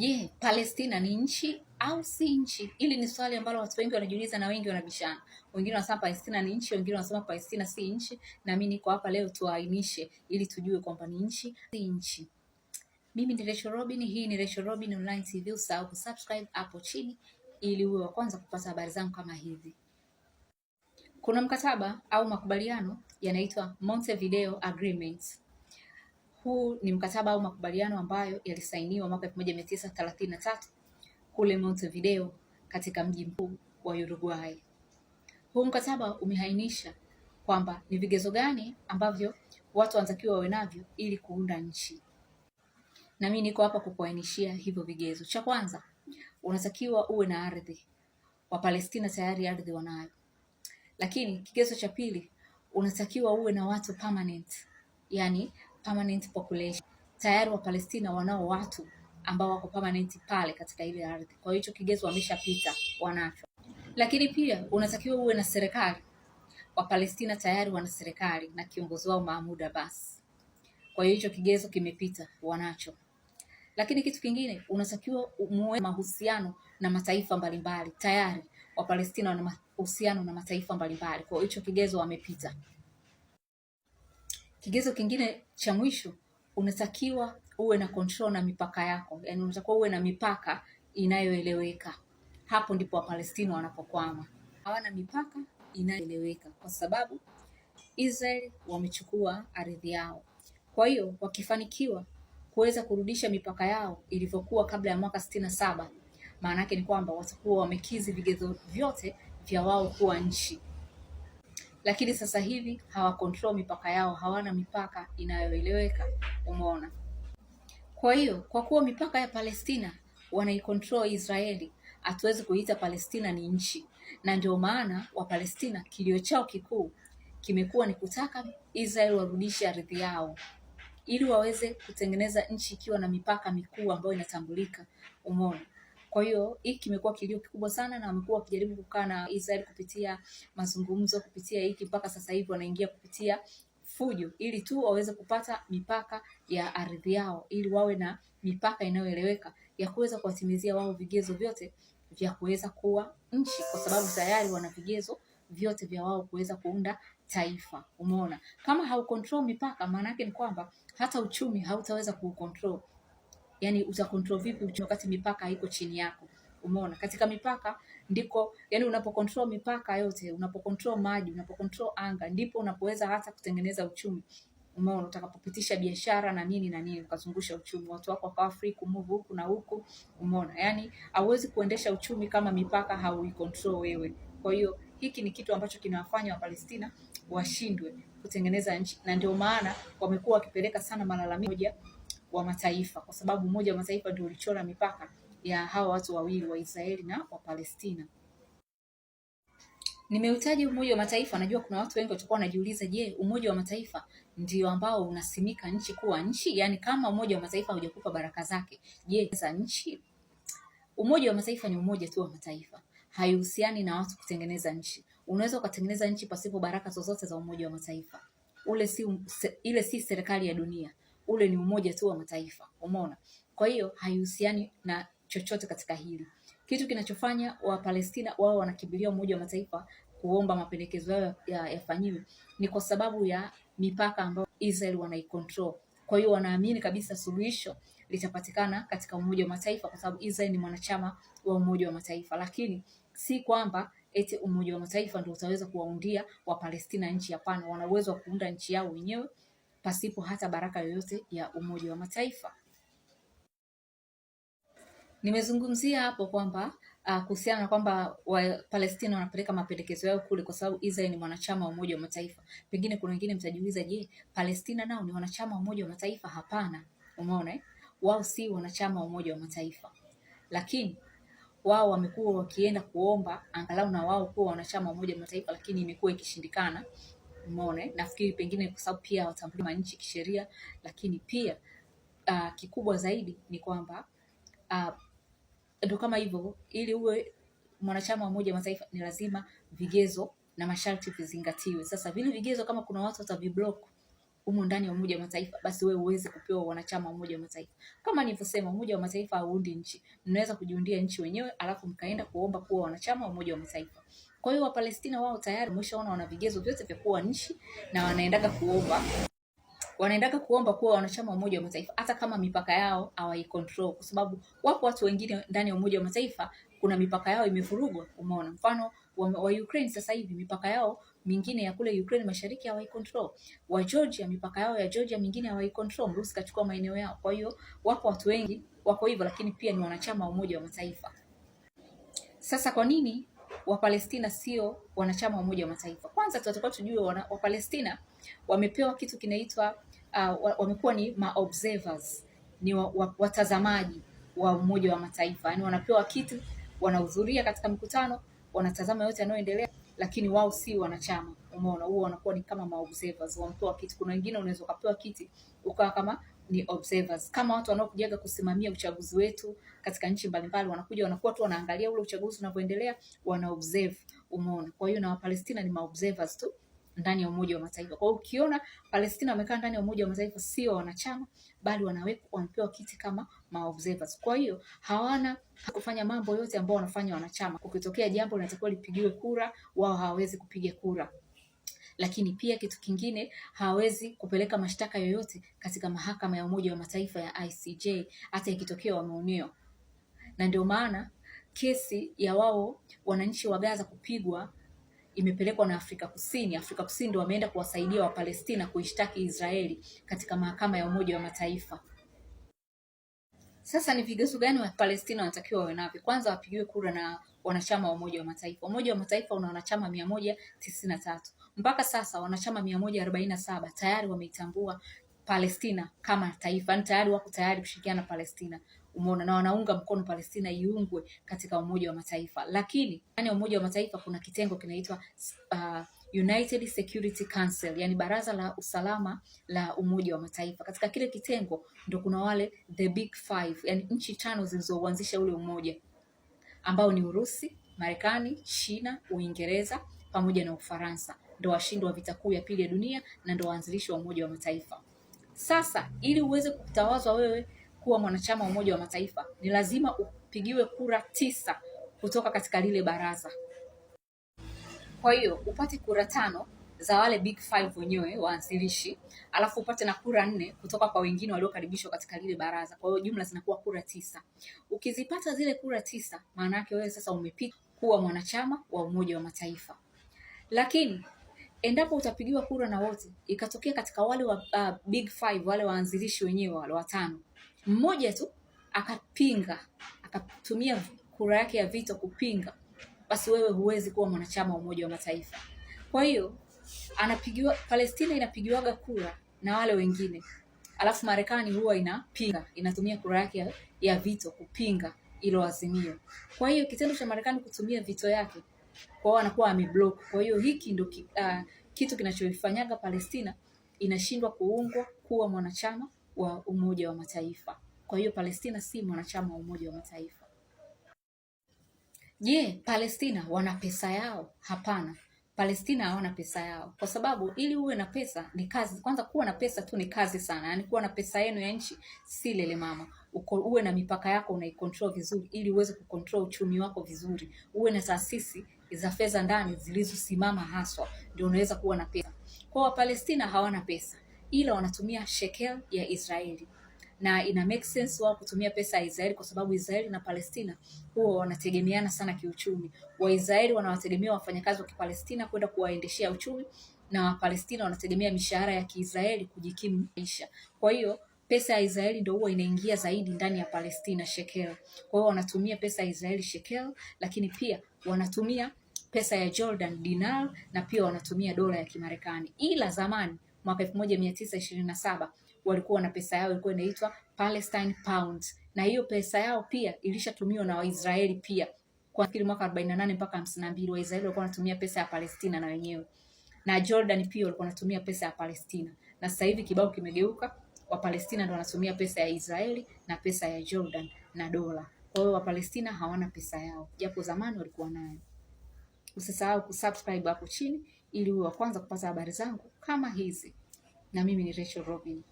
Je, yeah, Palestina ni nchi au si nchi? ili ni swali ambalo watu wengi wanajiuliza na wengi wanabishana. Wengine wanasema Palestina ni nchi, wengine wanasema Palestina si nchi, na mimi niko hapa leo tuainishe ili tujue kwamba ni nchi si nchi. Mimi ni Rachel Robin, hii ni Rachel Robin Online TV. Usahau kusubscribe hapo chini ili uwe wa kwanza kupata habari zangu kama hizi. Kuna mkataba au makubaliano yanaitwa Montevideo Agreement. Huu ni mkataba au makubaliano ambayo yalisainiwa mwaka tatu kule Montevideo katika mji mkuu wa Uruguay. Huu mkataba umeainisha kwamba ni vigezo gani ambavyo watu wanatakiwa wawe navyo ili kuunda nchi, na mimi niko hapa kukuainishia hivyo vigezo. Cha kwanza, unatakiwa uwe na ardhi. Wapalestina tayari ardhi wanayo, lakini kigezo cha pili, unatakiwa uwe na watu permanent, yani permanent population. Tayari Wapalestina wanao watu ambao wako permanent pale katika ile ardhi, kwa hiyo hicho kigezo wameshapita, wanacho. Lakini pia unatakiwa uwe na serikali. Palestina tayari wana serikali na kiongozi wao Mahmoud Abbas, kwa hiyo hicho kigezo kimepita, wanacho. Lakini kitu kingine unatakiwa muwe mahusiano na mataifa mbalimbali. Tayari Palestina wana mahusiano na mataifa mbalimbali, kwa hiyo hicho kigezo wamepita. Kigezo kingine cha mwisho, unatakiwa uwe na control na mipaka yako, yani unatakiwa uwe na mipaka inayoeleweka. Hapo ndipo Wapalestina wanapokwama, hawana mipaka inayoeleweka kwa sababu israel wamechukua ardhi yao. Kwa hiyo wakifanikiwa kuweza kurudisha mipaka yao ilivyokuwa kabla ya mwaka sitini na saba, maana yake ni kwamba watakuwa wamekizi vigezo vyote vya wao kuwa nchi lakini sasa hivi hawakontrol mipaka yao, hawana mipaka inayoeleweka. Umeona? Kwa hiyo kwa kuwa mipaka ya Palestina wanaikontrol Israeli, hatuwezi kuita Palestina ni nchi, na ndio maana Wapalestina kilio chao kikuu kimekuwa ni kutaka Israeli warudishe ardhi yao ili waweze kutengeneza nchi ikiwa na mipaka mikuu ambayo inatambulika. Umeona? Kwa hiyo hiki kimekuwa kilio kikubwa sana, na wamekuwa wakijaribu kukaa na Israel kupitia mazungumzo, kupitia hiki, mpaka sasa hivi wanaingia kupitia fujo ili tu waweze kupata mipaka ya ardhi yao, ili wawe na mipaka inayoeleweka ya kuweza kuwatimizia wao vigezo vyote vya kuweza kuwa nchi, kwa sababu tayari wana vigezo vyote vya wao kuweza kuunda taifa. Umeona, kama haucontrol mipaka, maana yake ni kwamba hata uchumi hautaweza kuucontrol yani uta control vipi wakati mipaka haiko chini yako. Umeona, katika mipaka ndiko yani, unapocontrol mipaka yote, unapocontrol maji, unapocontrol anga, ndipo unapoweza hata kutengeneza uchumi. Umeona, utakapopitisha biashara na nini na nini, ukazungusha uchumi, watu wako wakawa free kumove huku na huku. Umeona, yani hauwezi kuendesha uchumi kama mipaka hauicontrol wewe. Kwa hiyo hiki ni kitu ambacho kinawafanya Wapalestina washindwe kutengeneza nchi, na ndio maana wamekuwa wakipeleka sana malalamiko moja wa Mataifa, kwa sababu Umoja wa Mataifa ndio ulichora mipaka ya hawa watu wawili wa Israeli na wa Palestina. Nimeutaja Umoja wa Mataifa, najua kuna watu wengi watakuwa wanajiuliza, je, Umoja wa Mataifa ndio ambao unasimika nchi kuwa nchi? Yaani kama Umoja wa Mataifa hujakupa baraka zake, je, za nchi? Umoja wa Mataifa ni umoja tu wa mataifa, haihusiani na watu kutengeneza nchi. Unaweza ukatengeneza nchi pasipo baraka zozote za Umoja wa Mataifa. Ule si, ile si serikali ya dunia ule ni umoja tu wa mataifa, umeona. Kwa hiyo haihusiani na chochote katika hili. Kitu kinachofanya Wapalestina wao wanakimbilia Umoja wa Mataifa kuomba mapendekezo yao yafanyiwe ya ni kwa sababu ya mipaka ambayo Israel wanaikontrol. Kwa hiyo wanaamini kabisa suluhisho litapatikana katika Umoja wa Mataifa kwa sababu Israel ni mwanachama wa Umoja wa Mataifa, lakini si kwamba eti Umoja wa Mataifa ndio utaweza kuwaundia Wapalestina nchi. Hapana, wana uwezo wa kuunda nchi yao wenyewe pasipo hata baraka yoyote ya Umoja wa Mataifa. Nimezungumzia hapo kwamba uh, kuhusiana na kwamba Wapalestina wanapeleka mapendekezo yao kule kwa sababu Israel ni mwanachama wa Umoja wa Mataifa. Pengine kuna wengine mtajiuliza, je, Palestina nao ni wanachama wa Umoja wa Mataifa? Hapana, umeona eh? Wao si wanachama wa Umoja wa Mataifa, lakini wao wamekuwa wakienda kuomba angalau na wao kuwa wanachama wa Umoja wa Mataifa, lakini imekuwa ikishindikana umeona. Nafikiri pengine kwa sababu pia watambua nchi kisheria, lakini pia uh, kikubwa zaidi ni kwamba ah, ndo uh, kama hivyo, ili uwe mwanachama wa Umoja wa Mataifa ni lazima vigezo na masharti vizingatiwe. Sasa vile vigezo kama kuna watu wataviblock humo ndani ya Umoja wa Mataifa, basi wewe uweze kupewa wanachama wa Umoja wa Mataifa. Kama nilivyosema, Umoja wa Mataifa hauundi nchi, mnaweza kujiundia nchi wenyewe alafu mkaenda kuomba kuwa wanachama wa Umoja wa Mataifa. Kwa hiyo Wapalestina wao tayari umeshaona wana vigezo vyote vya kuwa nchi na wanaendaga kuomba wanaendaga kuomba kuwa wanachama wa Umoja wa Mataifa hata kama mipaka yao control, kwa sababu wapo watu wengine ndani ya Umoja wa Mataifa kuna mipaka yao imevurugwa. Umeona mfano wa, wa Ukraine sasa hivi mipaka yao mingine ya kule Ukraine mashariki control, wa Georgia mipaka yao ya Georgia mingine control, Rusi kachukua maeneo yao. Kwa hiyo wapo watu wengi wako hivyo, lakini pia ni wanachama wa Umoja wa Mataifa. Sasa kwa nini Wapalestina sio wanachama wa Umoja wa Mataifa. Kwanza tunatakiwa tujue Wapalestina wamepewa kitu kinaitwa uh, wamekuwa ni observers, ni watazamaji wa Umoja wa Mataifa, yaani wanapewa kitu, wanahudhuria katika mkutano, wanatazama yote yanayoendelea, lakini wao si wanachama umeona, huwa wanakuwa ni kama ma observers wamtoa kiti. Kuna wengine unaweza ukapewa kiti ukawa kama ni observers, kama watu wanaokujaga kusimamia uchaguzi wetu katika nchi mbalimbali, wanakuja wanakuwa tu wanaangalia ule uchaguzi unavyoendelea, wana observe, umeona. Kwa hiyo na Wapalestina ni ma observers tu ndani ya Umoja wa Mataifa. Kwa hiyo ukiona Palestina wamekaa ndani ya Umoja wa Mataifa, sio wanachama, bali wanawekwa wanapewa kiti kama ma observers. Kwa hiyo hawana kufanya mambo yote ambao wanafanya wanachama. Kukitokea jambo linatakiwa lipigiwe kura, wao hawawezi kupiga kura. Lakini pia kitu kingine, hawezi kupeleka mashtaka yoyote katika mahakama ya Umoja wa Mataifa ya ICJ hata ikitokea wameonewa, na ndio maana kesi ya wao wananchi wa Gaza kupigwa imepelekwa na Afrika Kusini. Afrika Kusini ndio wameenda kuwasaidia Wapalestina kuishtaki Israeli katika mahakama ya Umoja wa Mataifa. Sasa ni vigezo gani Wapalestina wanatakiwa wawe navyo? Kwanza wapigiwe kura na wanachama wa Umoja wa Mataifa. Umoja wa Mataifa una wanachama mia moja tisini na tatu mpaka sasa wanachama mia moja arobaini na saba tayari wameitambua Palestina kama taifa, ni yaani tayari wako tayari kushirikiana Palestina, umeona, na wanaunga mkono Palestina iungwe katika Umoja wa Mataifa. Lakini ndani ya Umoja wa Mataifa kuna kitengo kinaitwa uh, United Security Council, yani baraza la usalama la Umoja wa Mataifa. Katika kile kitengo ndo kuna wale the big five, yani nchi tano zilizouanzisha ule umoja ambao ni Urusi, Marekani, China, Uingereza pamoja na Ufaransa ndo washindi wa vita kuu ya pili ya dunia na ndo waanzilishi wa Umoja wa Mataifa. Sasa ili uweze kutawazwa wewe kuwa mwanachama wa Umoja wa Mataifa ni lazima upigiwe kura tisa kutoka katika lile baraza. Kwa hiyo upate kura tano za wale big five wenyewe waanzilishi, alafu upate na kura nne kutoka kwa wengine waliokaribishwa katika lile baraza. Kwa hiyo jumla zinakuwa kura tisa. Ukizipata zile kura tisa, maana yake wewe sasa umepita kuwa mwanachama wa Umoja wa Mataifa. Lakini endapo utapigiwa kura na wote, ikatokea katika wale wa uh, big five, wale waanzilishi wenyewe wale watano, mmoja tu akapinga, akatumia kura yake ya vito kupinga, basi wewe huwezi kuwa mwanachama wa Umoja wa Mataifa. Kwa hiyo anapigiwa Palestina inapigiwaga kura na wale wengine, alafu Marekani huwa inapinga, inatumia kura yake ya, ya vito kupinga ilo azimio. Kwa hiyo kitendo cha Marekani kutumia vito yake kwao anakuwa ameblock. Kwa hiyo hiki ndo ki, uh, kitu kinachoifanyaga Palestina inashindwa kuungwa kuwa mwanachama wa Umoja wa Mataifa. Kwa hiyo Palestina si mwanachama wa Umoja wa Mataifa. Je, Palestina wana pesa yao? Hapana. Palestina hawana pesa yao, kwa sababu ili uwe na pesa ni kazi kwanza. Kuwa na pesa tu ni kazi sana, yaani kuwa na pesa yenu ya nchi si lele mama. Uko, uwe na mipaka yako unaikontrol vizuri, ili uweze kukontrol uchumi wako vizuri. Uwe na taasisi za fedha ndani zilizosimama haswa, ndio unaweza kuwa na pesa. Kwa Wapalestina hawana pesa, ila wanatumia shekel ya Israeli na ina make sense wao kutumia pesa ya Israeli kwa sababu Israeli na Palestina huwa wanategemeana sana kiuchumi. Waisraeli wanawategemea wafanyakazi wa Kipalestina kwenda kuwaendeshea uchumi na Wapalestina wanategemea mishahara ya Kiisraeli kujikimu maisha. Kwa hiyo pesa ya Israeli ndio huwa inaingia zaidi ndani ya Palestina shekel. Kwa hiyo wanatumia pesa ya Israeli shekel, lakini pia wanatumia pesa ya Jordan dinar na pia wanatumia dola ya Kimarekani. Ila zamani mwaka 1927 walikuwa na pesa yao ilikuwa inaitwa Palestine pound, na hiyo pesa yao pia ilishatumiwa na Waisraeli pia kwa kile mwaka 48 mpaka 52, Waisraeli walikuwa wanatumia pesa ya Palestina na wenyewe, na Jordan pia walikuwa wanatumia pesa ya Palestina, na sasa hivi kibao kimegeuka, Wapalestina ndio wanatumia pesa ya Israeli na pesa ya Jordan na dola. Kwa hiyo Wapalestina hawana pesa yao, japo zamani walikuwa nayo. Usisahau kusubscribe hapo chini ili uwe wa kwanza kupata habari zangu kama hizi, na mimi ni Rachel Robin.